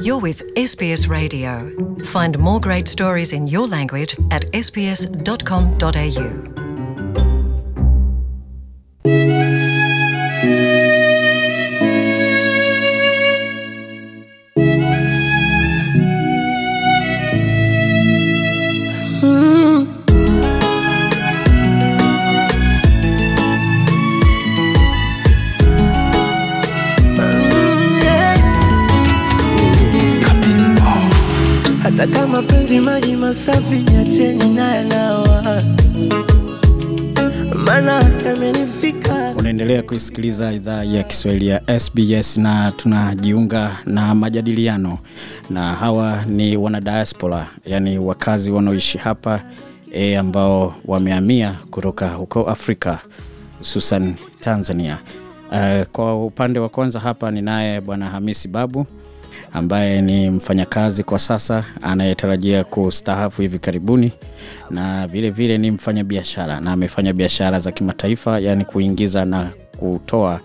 You're with SBS Radio. Find more great stories in your language at sbs.com.au. unasikiliza idhaa ya Kiswahili ya SBS na tunajiunga na majadiliano na hawa ni wanadiaspora, yaani wakazi wanaoishi hapa e, ambao wamehamia kutoka huko Afrika hususan Tanzania. Uh, kwa upande wa kwanza hapa ninaye Bwana Hamisi Babu ambaye ni mfanyakazi kwa sasa anayetarajia kustaafu hivi karibuni, na vilevile vile ni mfanyabiashara na amefanya biashara za kimataifa, yaani kuingiza na kutoa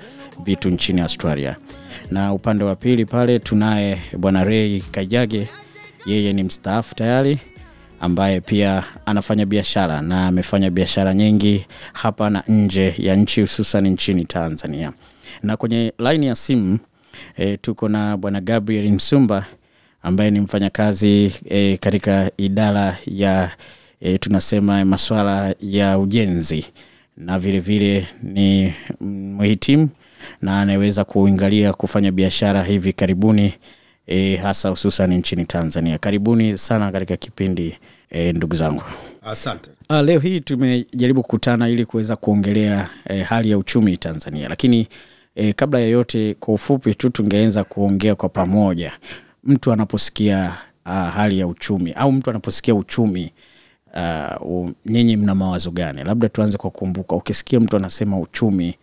vitu nchini Australia. Na upande wa pili pale tunaye bwana Ray Kaijage, yeye ni mstaafu tayari ambaye pia anafanya biashara na amefanya biashara nyingi hapa na nje ya nchi hususan nchini Tanzania. Na kwenye laini ya simu e, tuko na bwana Gabriel Msumba ambaye ni mfanyakazi e, katika idara ya e, tunasema masuala ya ujenzi na vilevile vile ni mhitimu na anaweza kuingalia kufanya biashara hivi karibuni e, hasa hususan nchini Tanzania. Karibuni sana katika kipindi e, ndugu zangu, asante. Ah, leo hii tumejaribu kukutana ili kuweza kuongelea e, hali ya uchumi Tanzania, lakini e, kabla ya yote, kwa ufupi tu tungeanza kuongea kwa pamoja, mtu anaposikia ah, hali ya uchumi au mtu anaposikia uchumi uh, nyinyi mna mawazo gani? Labda tuanze kwa kumbuka, ukisikia mtu anasema uchumi,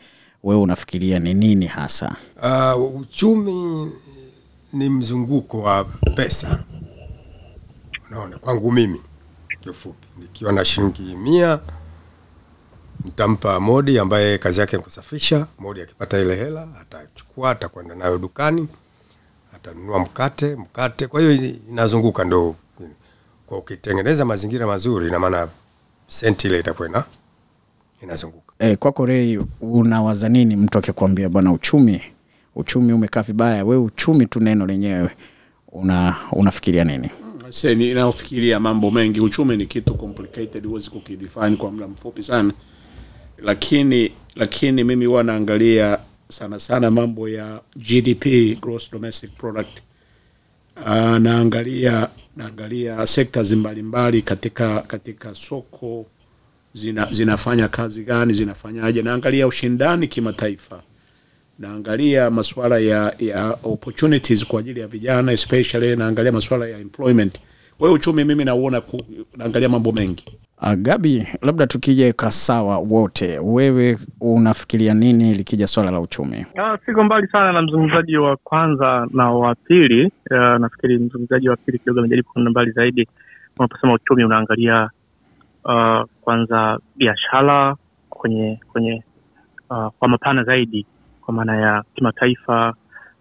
wewe unafikiria ni nini hasa? Uh, uchumi ni mzunguko wa pesa. Unaona, kwangu mimi kifupi, nikiwa na shilingi mia nitampa Modi ambaye kazi yake ni kusafisha. Modi akipata ile hela atachukua, atakwenda nayo dukani, atanunua mkate mkate. Kwa hiyo inazunguka, ndo kwa ukitengeneza mazingira mazuri, ina maana senti ile itakuwa ina inazunguka. Eh, kwako rei unawaza nini mtu akikwambia bwana uchumi uchumi umekaa vibaya? We uchumi tu neno lenyewe una unafikiria nini? Hmm, Sasa inafikiria mambo mengi. Uchumi ni kitu complicated, huwezi kukidefine kwa muda mfupi sana, lakini lakini mimi huwa naangalia sana sana mambo ya GDP, gross domestic product uh, naangalia naangalia sekta mbalimbali katika, katika soko zina, zinafanya kazi gani, zinafanyaje. Naangalia ushindani kimataifa, naangalia masuala ya, ya opportunities kwa ajili ya vijana especially, naangalia masuala ya employment. Kwa hiyo uchumi mimi nauona, naangalia mambo mengi. Ah, Gabi, labda tukija kasawa wote, wewe unafikiria nini likija swala la uchumi? Uh, siko mbali sana na mzungumzaji wa kwanza na wa pili. Uh, nafikiri mzungumzaji wa pili kidogo amejaribu kwenda mbali zaidi. Unaposema uchumi unaangalia uh, kwanza biashara kwenye kwenye uh, kwa mapana zaidi, kwa maana ya kimataifa,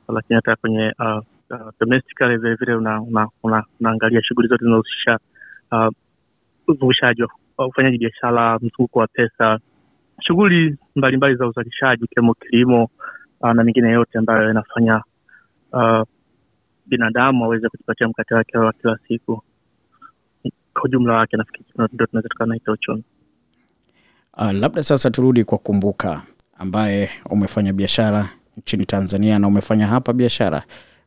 lakini hata kwenye uh, uh, domestically vilevile unaangalia una, una, una shughuli zote zinazohusisha uh, uzungushaji wa ufanyaji biashara, mzunguko wa pesa, shughuli mbalimbali za uzalishaji ikiwemo kilimo uh, na mingine yote ambayo inafanya uh, ah, binadamu aweze kujipatia mkate wake wa kila siku kwa ujumla wake. Nafikiri ndo tunaweza naita uchumi. Uh, labda sasa turudi kwa Kumbuka ambaye umefanya biashara nchini Tanzania na umefanya hapa biashara,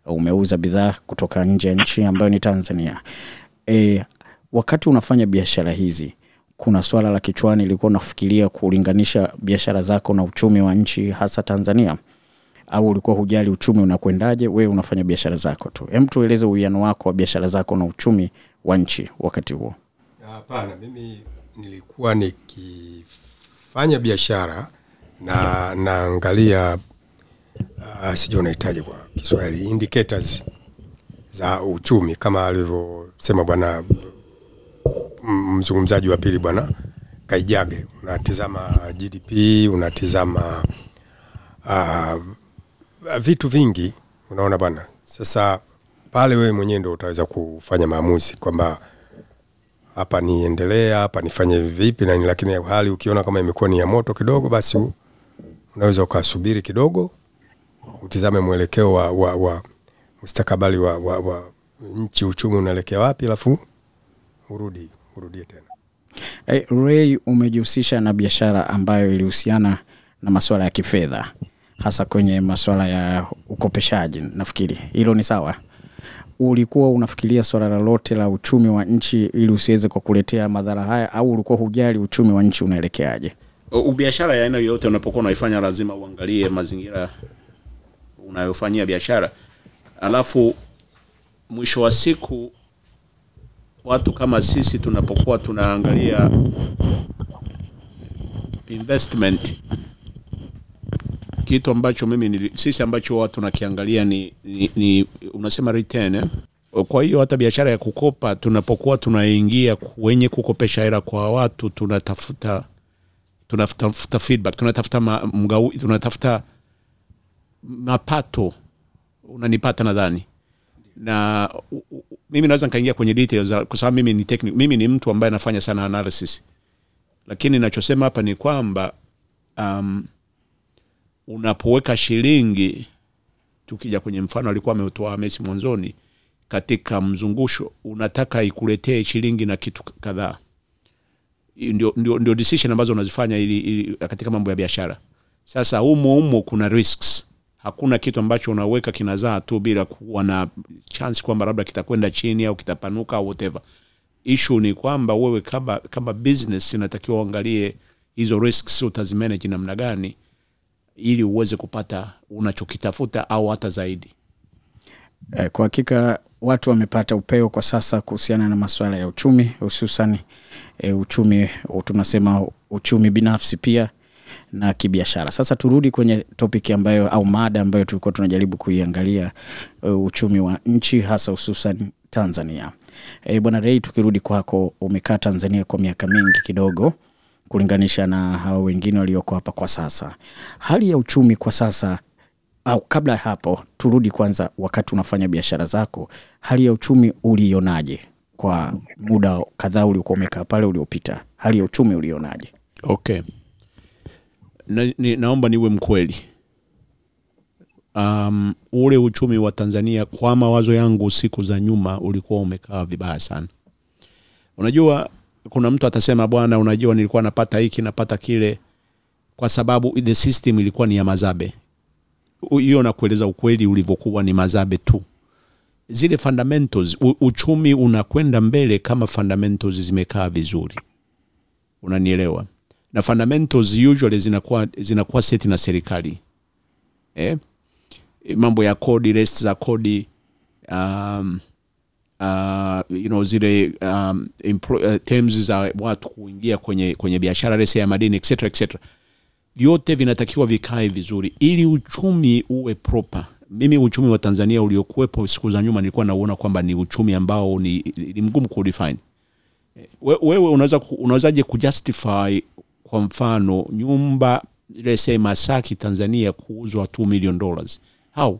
umeuza bidhaa kutoka nje ya nchi ambayo ni Tanzania. E, wakati unafanya biashara hizi kuna swala la kichwani ilikuwa unafikiria kulinganisha biashara zako na uchumi wa nchi hasa Tanzania, au ulikuwa hujali uchumi unakwendaje? Wewe unafanya biashara zako tu. Hem, tueleze uwiano wako wa biashara zako na uchumi wa nchi wakati huo. Hapana, mimi nilikuwa nikifanya biashara na naangalia uh, sijui unahitaji kwa Kiswahili indicators za uchumi kama alivyosema bwana mzungumzaji wa pili bwana Kaijage, unatizama GDP, unatizama uh, vitu vingi, unaona bwana. Sasa pale wewe mwenyewe ndio utaweza kufanya maamuzi kwamba hapa niendelea, hapa nifanye vipi na lakini hali ukiona kama imekuwa ni ya moto kidogo, basi unaweza ukasubiri kidogo, utizame mwelekeo wa, wa, wa mustakabali wa, wa, wa nchi, uchumi unaelekea wapi, alafu urudi urudie tena. Hey, eh, Ray umejihusisha na biashara ambayo ilihusiana na masuala ya kifedha hasa kwenye masuala ya ukopeshaji, nafikiri hilo ni sawa. Ulikuwa unafikiria swala lolote la uchumi wa nchi ili usiweze kwa kuletea madhara haya, au ulikuwa hujali uchumi wa nchi unaelekeaje? Biashara ya aina yoyote unapokuwa unaifanya lazima uangalie mazingira unayofanyia biashara, alafu mwisho wa siku watu kama sisi tunapokuwa tunaangalia investment, kitu ambacho mimi ni, sisi ambacho watu tunakiangalia ni, ni, ni unasema return eh? Kwa hiyo hata biashara ya kukopa tunapokuwa tunaingia wenye kukopesha hela kwa watu, tunatafuta tunatafuta feedback, tunatafuta ma, tunatafuta mapato. Unanipata nadhani na u, u, mimi naweza nikaingia kwenye details kwa sababu mimi ni technical, mimi ni mtu ambaye anafanya sana analysis, lakini ninachosema hapa ni kwamba um, unapoweka shilingi, tukija kwenye mfano alikuwa ametoa Messi mwanzoni katika mzungusho, unataka ikuletee shilingi na kitu kadhaa. Ndio, ndio, ndio decision ambazo unazifanya ili, ili, katika mambo ya biashara. Sasa umo umo kuna risks hakuna kitu ambacho unaweka kinazaa tu bila kuwa na chansi kwamba labda kitakwenda chini au kitapanuka au whateve ishu ni kwamba wewe kama, kama business inatakiwa uangalie hizo risks utazimanaji namna gani ili uweze kupata unachokitafuta au hata zaidi. Eh, kwa hakika watu wamepata upeo kwa sasa kuhusiana na masuala ya uchumi hususan e, uchumi tunasema uchumi binafsi pia na kibiashara. Sasa turudi kwenye topic ambayo au mada ambayo tulikuwa tunajaribu kuiangalia, uh, uchumi wa nchi hasa hususan Tanzania. E, Bwana rei tukirudi kwako, umekaa Tanzania kwa miaka mingi kidogo kulinganisha na hawa wengine walioko hapa kwa sasa. Hali ya uchumi kwa sasa au kabla ya hapo, turudi kwanza, wakati unafanya biashara zako, hali ya uchumi ulionaje kwa muda kadhaa uliokuwa umekaa pale uliopita? Hali ya uchumi ulionaje? Okay na, ni, naomba niwe mkweli um, ule uchumi wa Tanzania kwa mawazo yangu siku za nyuma ulikuwa umekaa vibaya sana. Unajua kuna mtu atasema bwana, unajua nilikuwa napata hiki napata kile, kwa sababu the system ilikuwa ni ya mazabe. Hiyo nakueleza ukweli ulivyokuwa ni mazabe tu, zile fundamentals. U, uchumi unakwenda mbele kama fundamentals zimekaa vizuri, unanielewa? na fundamentals usually zinakuwa, zinakuwa seti na serikali eh? eh? Mambo ya kodi, rest za kodi um, uh, you know, zile um, uh, terms za watu kuingia kwenye, kwenye biashara rese ya madini etc etc, vyote vinatakiwa vikae vizuri ili uchumi uwe proper. Mimi uchumi wa Tanzania uliokuwepo siku za nyuma nilikuwa nauona kwamba ni uchumi ambao ni, ni mgumu kudefine eh, wewe Wewe unawezaje kujustify kwa mfano nyumba let's say Masaki Tanzania kuuzwa 2 million dollars how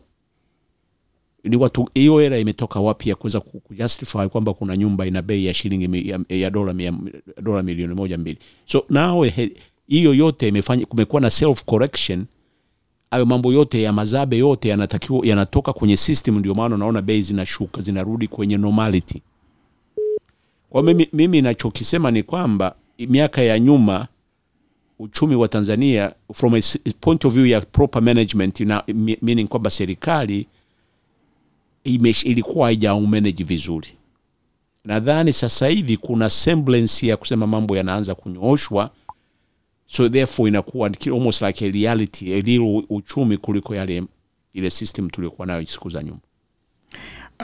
ilikuwa hiyo hela imetoka wapi ya kuweza kujustify kwamba kuna nyumba ina bei ya shilingi ya, dola, mia, dola milioni moja mbili so nao hiyo yote imefanya kumekuwa na self correction ayo mambo yote ya mazabe yote yanatakiwa yanatoka kwenye system ndio maana unaona bei zinashuka zinarudi kwenye normality kwa mimi, mimi nachokisema ni kwamba miaka ya nyuma uchumi wa Tanzania from a point of view ya proper management na meaning kwamba serikali ilikuwa haijaumanage vizuri. Nadhani sasa hivi kuna semblance ya kusema mambo yanaanza kunyooshwa, so therefore inakuwa almost like a reality, a real uchumi kuliko yale ile system tuliyokuwa nayo siku za nyuma.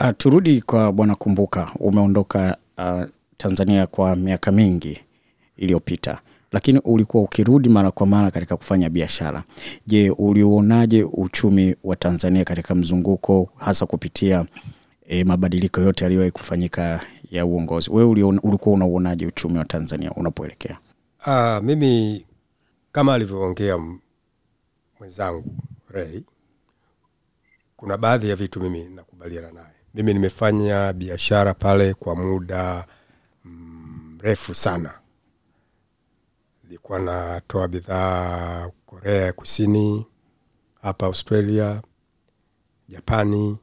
Uh, turudi kwa Bwana Kumbuka, umeondoka uh, Tanzania kwa miaka mingi iliyopita lakini ulikuwa ukirudi mara kwa mara katika kufanya biashara. Je, uliuonaje uchumi wa Tanzania katika mzunguko hasa kupitia e, mabadiliko yote yaliyowahi kufanyika ya uongozi? Wewe ulikuwa unauonaje uchumi wa Tanzania unapoelekea? Aa, ah, mimi kama alivyoongea mwenzangu Ray, kuna baadhi ya vitu mimi nakubaliana naye. Mimi nimefanya biashara pale kwa muda mm, mrefu sana ilikuwa natoa bidhaa Korea ya Kusini, hapa Australia, Japani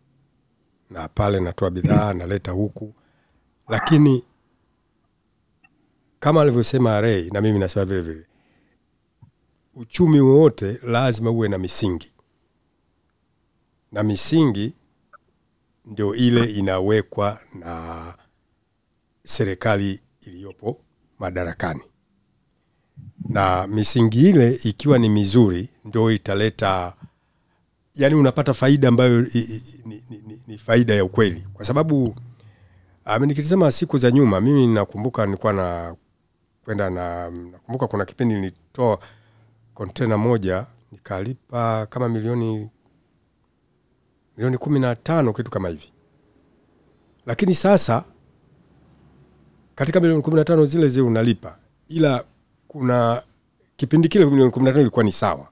na pale natoa bidhaa naleta huku, lakini kama alivyosema rei na mimi nasema vile vile, uchumi wowote lazima uwe na misingi, na misingi ndio ile inawekwa na serikali iliyopo madarakani na misingi ile ikiwa ni mizuri ndio italeta yani, unapata faida ambayo i, i, ni, ni, ni faida ya ukweli, kwa sababu ah, nikitizama siku za nyuma, mimi nakumbuka nilikuwa na kwenda na nakumbuka kuna kipindi nilitoa kontena moja nikalipa kama milioni milioni kumi na tano kitu kama hivi, lakini sasa katika milioni kumi na tano zile zile unalipa ila kuna kipindi kile milioni kumi na tano ilikuwa ni sawa,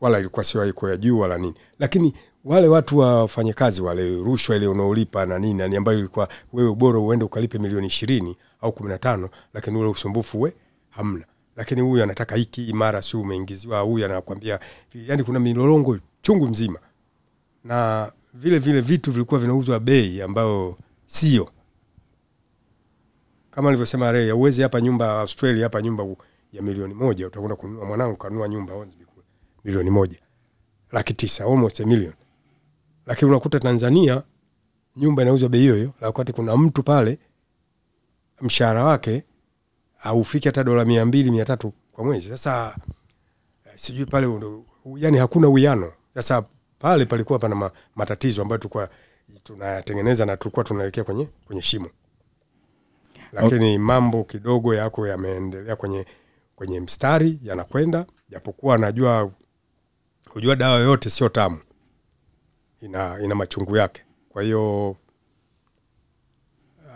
wala ilikuwa sio haiko ya juu wala nini, lakini wale watu wafanyakazi wale, rushwa ile unaolipa na nini na ambayo ilikuwa wewe bora uende ukalipe milioni ishirini au kumi na tano, lakini ule usumbufu we hamna. Lakini huyu anataka hiki, mara si umeingiziwa, huyu anakwambia, yani kuna milolongo chungu mzima, na vile vile vitu vilikuwa vinauzwa bei ambayo sio kama alivyosema Ray, uwezi hapa nyumba Australia hapa nyumba ya milioni moja utakwenda kununua. Mwanangu kanunua nyumba Hornsby milioni moja laki tisa, almost a million, lakini unakuta Tanzania nyumba inauzwa bei hiyo hiyo, lakati kuna mtu pale mshahara wake aufiki hata dola mia mbili mia tatu kwa mwezi. Sasa eh, sijui pale unu, yani hakuna uwiano. Sasa pale palikuwa pana matatizo ambayo tulikuwa tunayatengeneza na tulikuwa tunaelekea kwenye, kwenye shimo lakini okay. mambo kidogo yako yameendelea kwenye, kwenye mstari yanakwenda, japokuwa najua hujua dawa yoyote sio tamu, ina, ina machungu yake. Kwa hiyo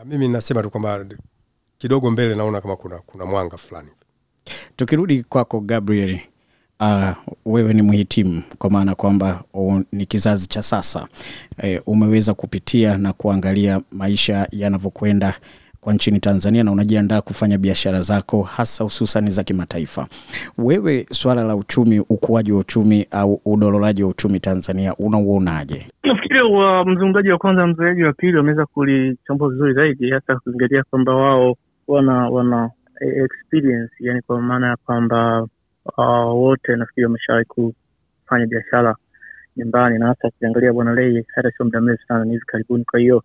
ah, mimi nasema tu kwamba kidogo mbele naona kama kuna, kuna mwanga fulani. Tukirudi kwako Gabriel, uh, wewe ni mhitimu kwa maana kwamba ni kizazi cha sasa e, umeweza kupitia na kuangalia maisha yanavyokwenda kwa nchini Tanzania na unajiandaa kufanya biashara zako hasa hususan za kimataifa. Wewe swala la uchumi, ukuaji wa uchumi au udololaji wa uchumi Tanzania unauonaje? Nafikiri wa uh, mzungumzaji wa kwanza, mzoeaji wa pili wameweza kulichambua vizuri zaidi, hasa kuzingatia kwamba wao wana wana e, experience, yani kwa maana ya kwamba uh, wote nafikiri wameshawahi kufanya biashara nyumbani, na hasa ukiangalia Bwana Lei hata sio muda mrefu sana, ni hivi karibuni, kwa hiyo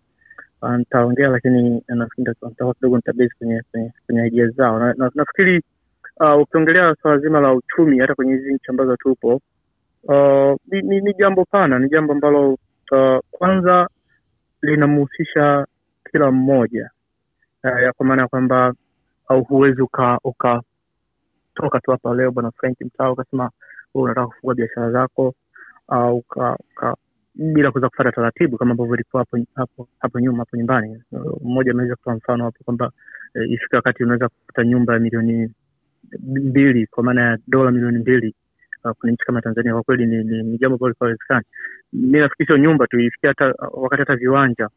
Ah, nitaongea lakini nafikiri nitakuwa kidogo nitabase kwenye kwenye idea zao na, na, uh, ukiongelea swala zima la uchumi hata kwenye hizi nchi ambazo tupo uh, ni, ni, ni jambo pana ni jambo ambalo uh, kwanza linamhusisha kila mmoja uh, ya kwa maana ya kwamba au huwezi ukatoka tu hapa leo bwana frank mtaa ukasema unataka kufungua biashara zako au uh, uka, uka, bila kuweza kufata taratibu kama ambavyo ilikuwa hapo hapo hapo nyuma hapo nyumbani. Mmoja ameweza kutoa mfano hapo kwamba e, eh, ifika wakati unaweza kupata nyumba ya milioni mbili kwa maana ya dola milioni mbili uh, kwenye nchi kama Tanzania kwa kweli ni, ni, ni jambo ambalo likawezekana. Mi nafikisha nyumba tu, ifikia hata wakati hata viwanja,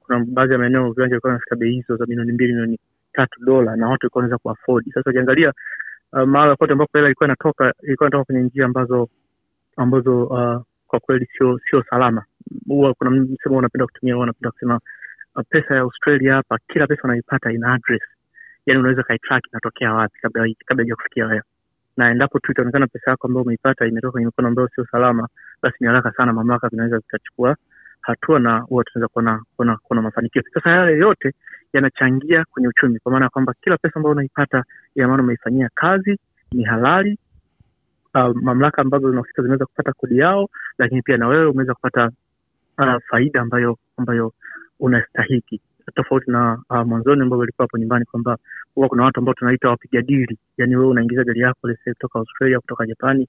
kuna baadhi ya maeneo viwanja ilikuwa nafika bei hizo za milioni mbili milioni tatu dola, na watu walikuwa wanaweza kuafodi. Sasa ukiangalia uh, mahala kote ambapo hela ilikuwa inatoka ilikuwa inatoka kwenye njia ambazo ambazo uh, kwa kweli sio sio salama. Huwa kuna msemo wanapenda kutumia, wanapenda kusema ah, pesa ya Australia hapa, kila pesa unaipata ina address, yani unaweza kaitrack inatokea wapi kabla kabla ya kufikia wewe, na endapo tu itaonekana pesa yako ambayo umeipata imetoka kwenye mkono ambayo sio salama, basi ni haraka sana mamlaka zinaweza zikachukua hatua na huwa tunaweza kuona kuona kuona mafanikio. Sasa yale yote yanachangia kwenye uchumi, kwa maana ya kwamba kila pesa ambayo unaipata, ina maana umeifanyia kazi, ni halali uh, mamlaka ambazo zinahusika zimeweza kupata kodi yao, lakini pia na wewe umeweza kupata uh, faida ambayo ambayo unastahiki tofauti na uh, mwanzoni ambao walikuwa hapo nyumbani kwamba huwa kuna watu ambao tunaita wapiga dili, yani wewe unaingiza gari yako lese kutoka Australia kutoka Japani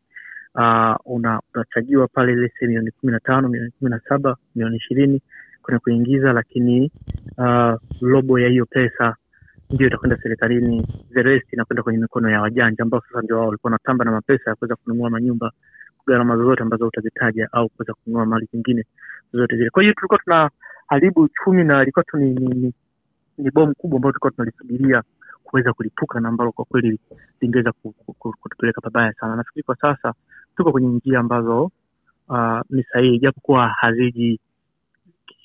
uh, una, unachajiwa pale lese milioni kumi na tano milioni kumi na saba milioni ishirini kwenye kuingiza, lakini uh, lobo ya hiyo pesa ndio itakwenda serikalini, the rest inakwenda kwenye mikono ya wajanja ambao sasa ndio wao walikuwa wanatamba na mapesa ya kuweza kununua manyumba gharama zozote ambazo utazitaja au kuweza kununua mali zingine zozote zile. Kwa hiyo tulikuwa haribu uchumi na ilikuwa tu ni, ni, ni bomu kubwa ambayo tulikuwa tunalisubiria kuweza kulipuka na ambalo kwa kweli lingeweza kutupeleka pabaya sana. Nafikiri kwa sasa tuko kwenye njia ambazo uh, ni sahihi, japokuwa haziji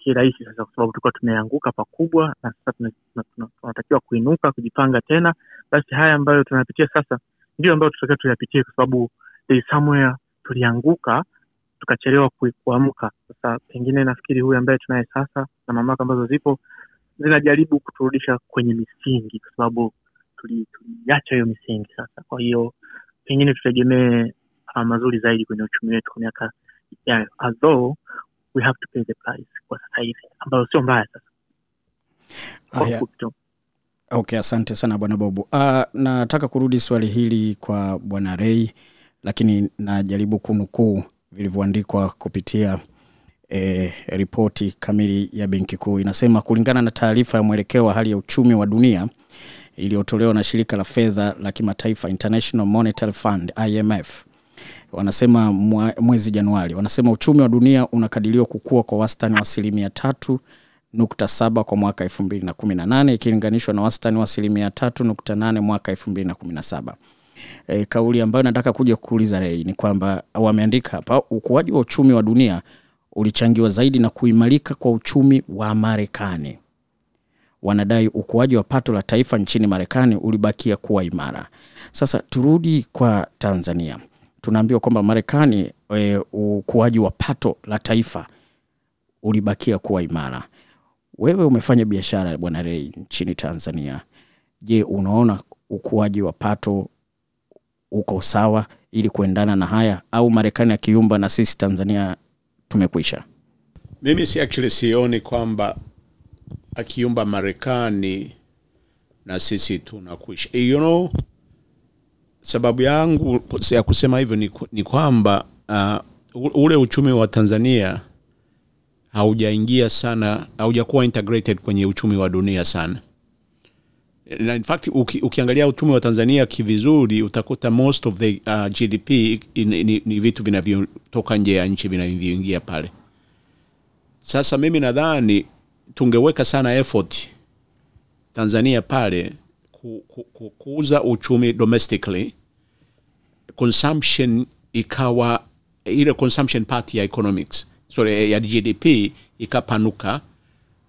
si rahisi sasa, kwa sababu tulikuwa tumeanguka pakubwa, na sasa tunatakiwa kuinuka, kujipanga tena. Basi haya ambayo tunayapitia sasa ndio ambayo tutakiwa tuyapitie, kwa sababu eh, somewhere tulianguka tukachelewa kuamka. Sasa pengine nafikiri huyu ambaye tunaye sasa na mamlaka ambazo zipo zinajaribu kuturudisha kwenye misingi, kwa sababu tuliacha hiyo misingi sasa. Kwa hiyo pengine tutegemee ah, mazuri zaidi kwenye uchumi wetu kwa miaka ijayo although we have to pay the price kwa sasa hivi ambayo sio mbaya sasa. asante sana bwana Bobu. Uh, ah, nataka kurudi swali hili kwa bwana Rei, lakini najaribu kunukuu vilivyoandikwa kupitia e, ripoti kamili ya Benki Kuu. Inasema kulingana na taarifa ya mwelekeo wa hali ya uchumi wa dunia iliyotolewa na shirika la fedha la kimataifa International Monetary Fund IMF wanasema mwezi Januari, wanasema uchumi wa dunia unakadiriwa kukua kwa wastani wa asilimia tatu nukta saba kwa mwaka elfu mbili na kumi na nane ikilinganishwa na wastani wa asilimia tatu nukta nane mwaka elfu mbili na kumi na saba. E, kauli ambayo nataka kuja kuuliza rei ni kwamba wameandika hapa, ukuaji wa uchumi wa dunia ulichangiwa zaidi na kuimarika kwa uchumi wa Marekani. Wanadai ukuaji wa pato la taifa nchini Marekani ulibakia kuwa imara. Sasa turudi kwa Tanzania tunaambiwa kwamba Marekani e, ukuaji wa pato la taifa ulibakia kuwa imara. Wewe umefanya biashara Bwana Rei nchini Tanzania. Je, unaona ukuaji wa pato uko sawa ili kuendana na haya au Marekani akiumba na sisi Tanzania tumekwisha? Mimi si actually sioni kwamba akiumba Marekani na sisi tunakwisha. You know, sababu yangu ya kusema hivyo ni, ni kwamba uh, ule uchumi wa Tanzania haujaingia sana, haujakuwa integrated kwenye uchumi wa dunia sana. Na in fact uki, ukiangalia uchumi wa Tanzania kivizuri utakuta most of the uh, GDP ni vitu vinavyotoka nje ya nchi vinavyoingia pale. Sasa mimi nadhani tungeweka sana effort Tanzania pale kuuza uchumi domestically consumption ikawa ile consumption part ya economics sorry, ya GDP ikapanuka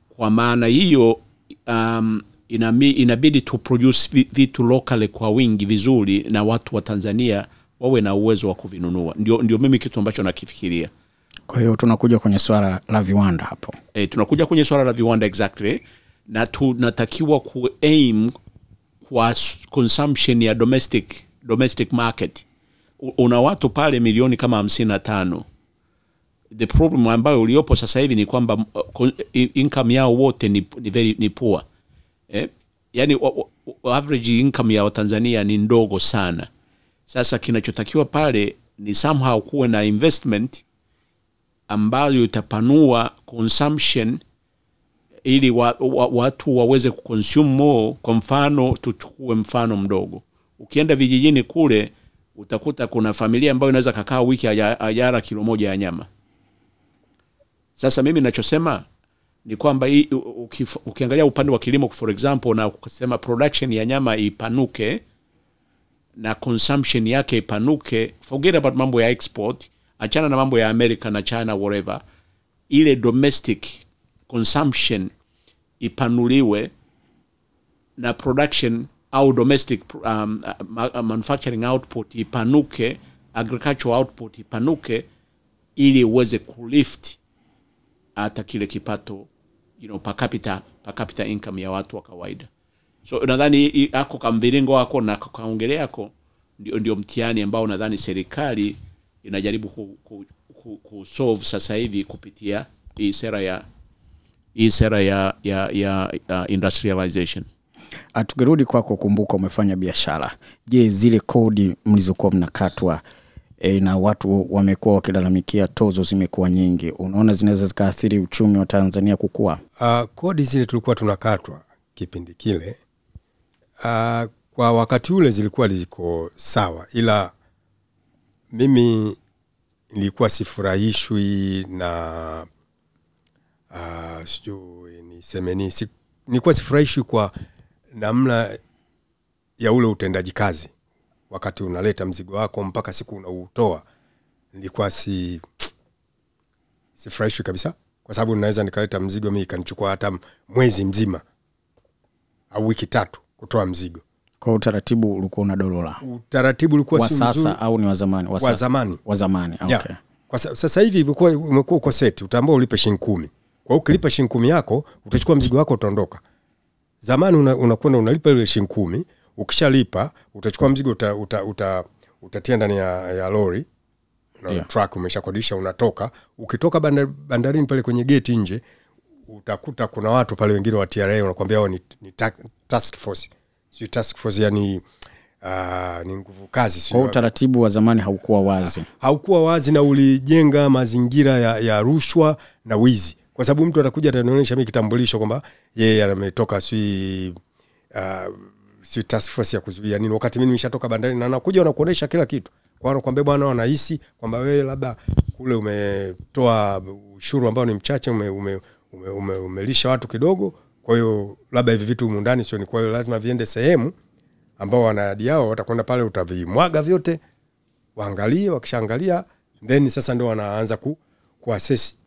kwa maana hiyo um, inami, inabidi to produce vitu locally kwa wingi vizuri na watu wa Tanzania wawe na uwezo wa kuvinunua. Ndio, ndio mimi kitu ambacho nakifikiria. Kwa hiyo tunakuja kwenye swala la viwanda hapo. E, tunakuja kwenye swala la viwanda exactly, na tunatakiwa ku aim kwa consumption ya domestic, domestic market una watu pale milioni kama hamsini na tano. The problem ambayo uliopo sasa hivi ni kwamba uh, income yao wote ni, ni, very, ni poor eh? Yani average income ya Watanzania ni ndogo sana. Sasa kinachotakiwa pale ni somehow kuwe na investment ambayo itapanua consumption ili wa, wa, watu waweze kuconsume more. Kwa mfano, tuchukue mfano mdogo, ukienda vijijini kule utakuta kuna familia ambayo inaweza kakaa wiki ajara kilo moja ya nyama. Sasa mimi nachosema ni kwamba ukiangalia upande wa kilimo for example, na kusema production ya nyama ipanuke na consumption yake ipanuke, forget about mambo ya export, achana na mambo ya America na China whatever, ile domestic consumption ipanuliwe na production au domestic um, uh, uh, manufacturing output ipanuke, agricultural output ipanuke ili uweze kulift hata kile kipato you know, per capita, per capita income ya watu wa kawaida. So nadhani ako kamviringo wako na kaongele yako ndio, ndio mtihani ambao nadhani serikali inajaribu ku, ku, ku, ku solve sasa hivi kupitia hii sera ya hii sera ya, ya, ya, uh, industrialization. Ah, tukirudi kwako, kumbuka umefanya biashara. Je, zile kodi mlizokuwa mnakatwa e, na watu wamekuwa wakilalamikia tozo zimekuwa nyingi, unaona zinaweza zikaathiri uchumi wa Tanzania kukua? Uh, kodi zile tulikuwa tunakatwa kipindi kile, uh, kwa wakati ule zilikuwa ziko sawa, ila mimi nilikuwa sifurahishwi na uh, sijui niseme ni sifurahishwi kwa namna ya ule utendaji kazi wakati unaleta mzigo wako mpaka siku unautoa nilikuwa si sifurahishwi kabisa kwa sababu naweza nikaleta mzigo mi ikanichukua hata mwezi mzima au wiki tatu kutoa mzigo kwa utaratibu ulikuwa una dorola utaratibu ulikuwa si sasa au ni wazamani wazamani wazamani okay. yeah. kwa sasa hivi imekuwa uko seti utaambao ulipe shilingi kumi kwa hiyo ukilipa shilingi kumi yako utachukua mzigo wako utaondoka. Zamani unakwenda una unalipa ile shilingi kumi, ukishalipa utachukua mzigo uta, uta, uta, utatia ndani ya, ya lori na yeah. truck umeshakodisha unatoka. Ukitoka bandar, bandarini pale kwenye geti nje utakuta kuna watu pale wengine wa TRA wanakuambia ni, ni ta, task force. Si task force yani uh, ni nguvu kazi. Kwa utaratibu wa zamani haukuwa wazi, haukuwa wazi na ulijenga mazingira ya, ya rushwa na wizi kwa sababu mtu atakuja atanionyesha mi kitambulisho kwamba yeye ametoka si uh, ah, si task force ya kuzuia nini, wakati mimi nimeshatoka bandari na nakuja wanakuonesha kila kitu, kwa wanakuambia bwana, wanahisi kwamba wewe labda kule umetoa ushuru ambao ni mchache, ume, ume, ume, ume, umelisha watu kidogo, kwa hiyo labda hivi vitu humu ndani sio ni, kwa hiyo lazima viende sehemu ambao wana hadi yao, watakwenda pale, utavimwaga vyote, waangalie, wakishaangalia then sasa ndio wanaanza ku kuassess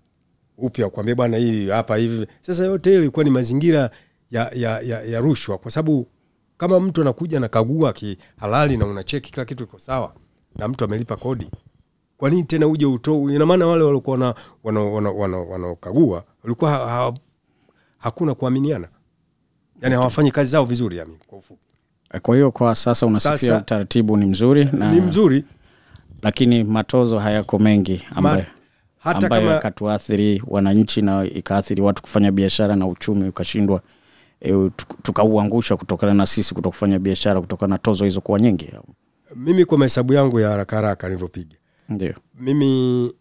upya kuambia bwana, hii hapa hivi. Sasa yote ilikuwa ni mazingira ya, ya, ya, ya rushwa, kwa sababu kama mtu anakuja nakagua kihalali na unacheki kila kitu iko sawa na mtu amelipa kodi, kwa nini tena uje uto Ina maana wale walikuwa na wanaokagua walikuwa ha, ha, hakuna kuaminiana, yani hawafanyi kazi zao vizuri, yani kwa ufupi. Kwa hiyo kwa sasa unasifia utaratibu ni mzuri na, ni mzuri lakini matozo hayako mengi ambayo hata ambayo kama... ikatuathiri wananchi na ikaathiri watu kufanya biashara na uchumi ukashindwa e, tukauangusha kutokana na sisi kuto kufanya biashara kutokana na tozo hizo kuwa nyingi. Mimi kwa mahesabu yangu ya haraka haraka nilivyopiga, ndio mimi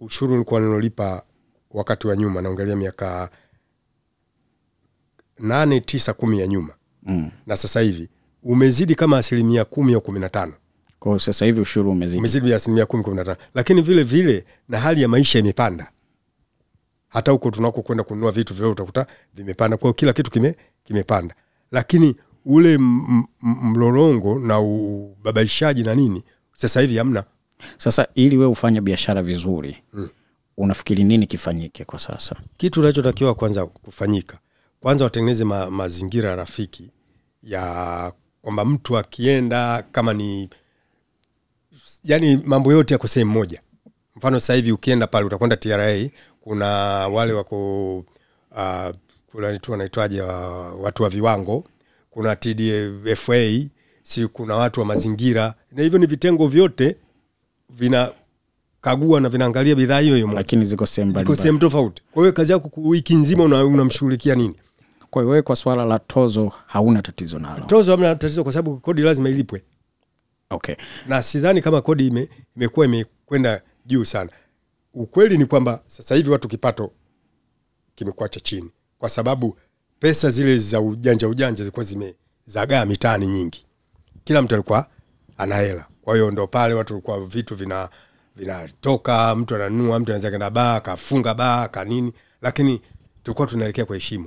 ushuru nilikuwa ninolipa wakati wa nyuma, naongelea miaka nane tisa kumi ya nyuma mm. na sasa hivi umezidi kama asilimia kumi au kumi na tano kwa sasa hivi ushuru umezidi umezidi asilimia kumi kumi na tano, lakini vile vile na hali ya maisha imepanda. Hata huko tunako kwenda kununua vitu vile utakuta vimepanda, kwa kila kitu kime, kimepanda, lakini ule mlolongo na ubabaishaji na nini sasa hivi hamna. Sasa ili we ufanye biashara vizuri hmm. Unafikiri nini kifanyike kwa sasa? Kitu unachotakiwa kwanza kufanyika, kwanza watengeneze ma, mazingira rafiki ya kwamba mtu akienda kama ni yani mambo yote yako sehemu moja mfano sasa hivi ukienda pale utakwenda tra kuna wale wako uh, wanaitwaje uh, watu wa viwango kuna tdfa si kuna watu wa mazingira na hivyo ni vitengo vyote vinakagua na vinaangalia bidhaa hiyo hiyo ziko sehemu tofauti kwa hiyo kazi yako wiki nzima unamshughulikia una nini kwa hiyo wewe kwa swala la tozo hauna tatizo nalo tozo hamna tatizo kwa sababu kodi lazima ilipwe okay. na sidhani kama kodi ime, imekuwa imekwenda juu sana. Ukweli ni kwamba sasa hivi watu kipato kimekuwa cha chini, kwa sababu pesa zile za ujanja ujanja zilikuwa zimezagaa mitaani nyingi, kila mtu alikuwa ana hela. Kwa hiyo ndo pale watu walikuwa vitu vina vinatoka, mtu ananunua, mtu anaweza kwenda baa akafunga baa kanini, lakini tulikuwa tunaelekea kwa heshima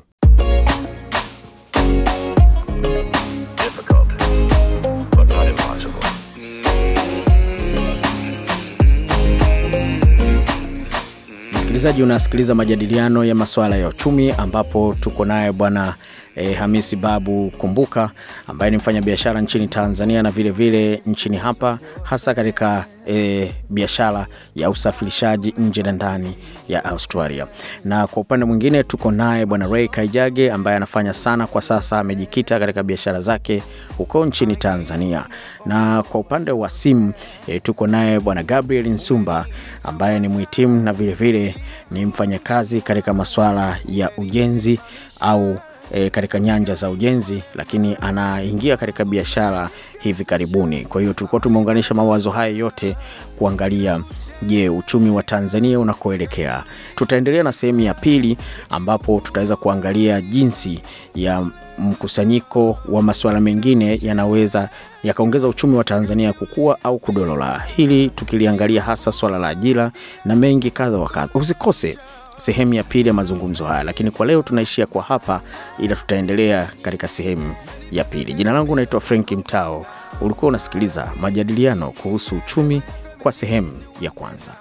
Msikilizaji, unasikiliza majadiliano ya masuala ya uchumi ambapo tuko naye bwana e, Hamisi Babu Kumbuka ambaye ni mfanyabiashara nchini Tanzania na vilevile vile nchini hapa hasa katika E, biashara ya usafirishaji nje na ndani ya Australia. Na kwa upande mwingine tuko naye bwana Ray Kaijage ambaye anafanya sana kwa sasa, amejikita katika biashara zake huko nchini Tanzania. Na kwa upande wa simu e, tuko naye bwana Gabriel Nsumba ambaye ni mhitimu na vilevile vile ni mfanyakazi katika masuala ya ujenzi au e, katika nyanja za ujenzi, lakini anaingia katika biashara hivi karibuni. Kwa hiyo tulikuwa tumeunganisha mawazo haya yote kuangalia, je, uchumi wa Tanzania unakoelekea. Tutaendelea na sehemu ya pili ambapo tutaweza kuangalia jinsi ya mkusanyiko wa masuala mengine yanaweza yakaongeza uchumi wa Tanzania kukua au kudorora, hili tukiliangalia hasa swala la ajira na mengi kadha wa kadha. Usikose sehemu ya pili ya mazungumzo haya, lakini kwa leo tunaishia kwa hapa, ila tutaendelea katika sehemu ya pili. Jina langu naitwa Frank Mtao. Ulikuwa unasikiliza majadiliano kuhusu uchumi kwa sehemu ya kwanza.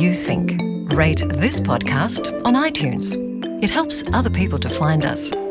you think. Rate this podcast on iTunes. It helps other people to find us.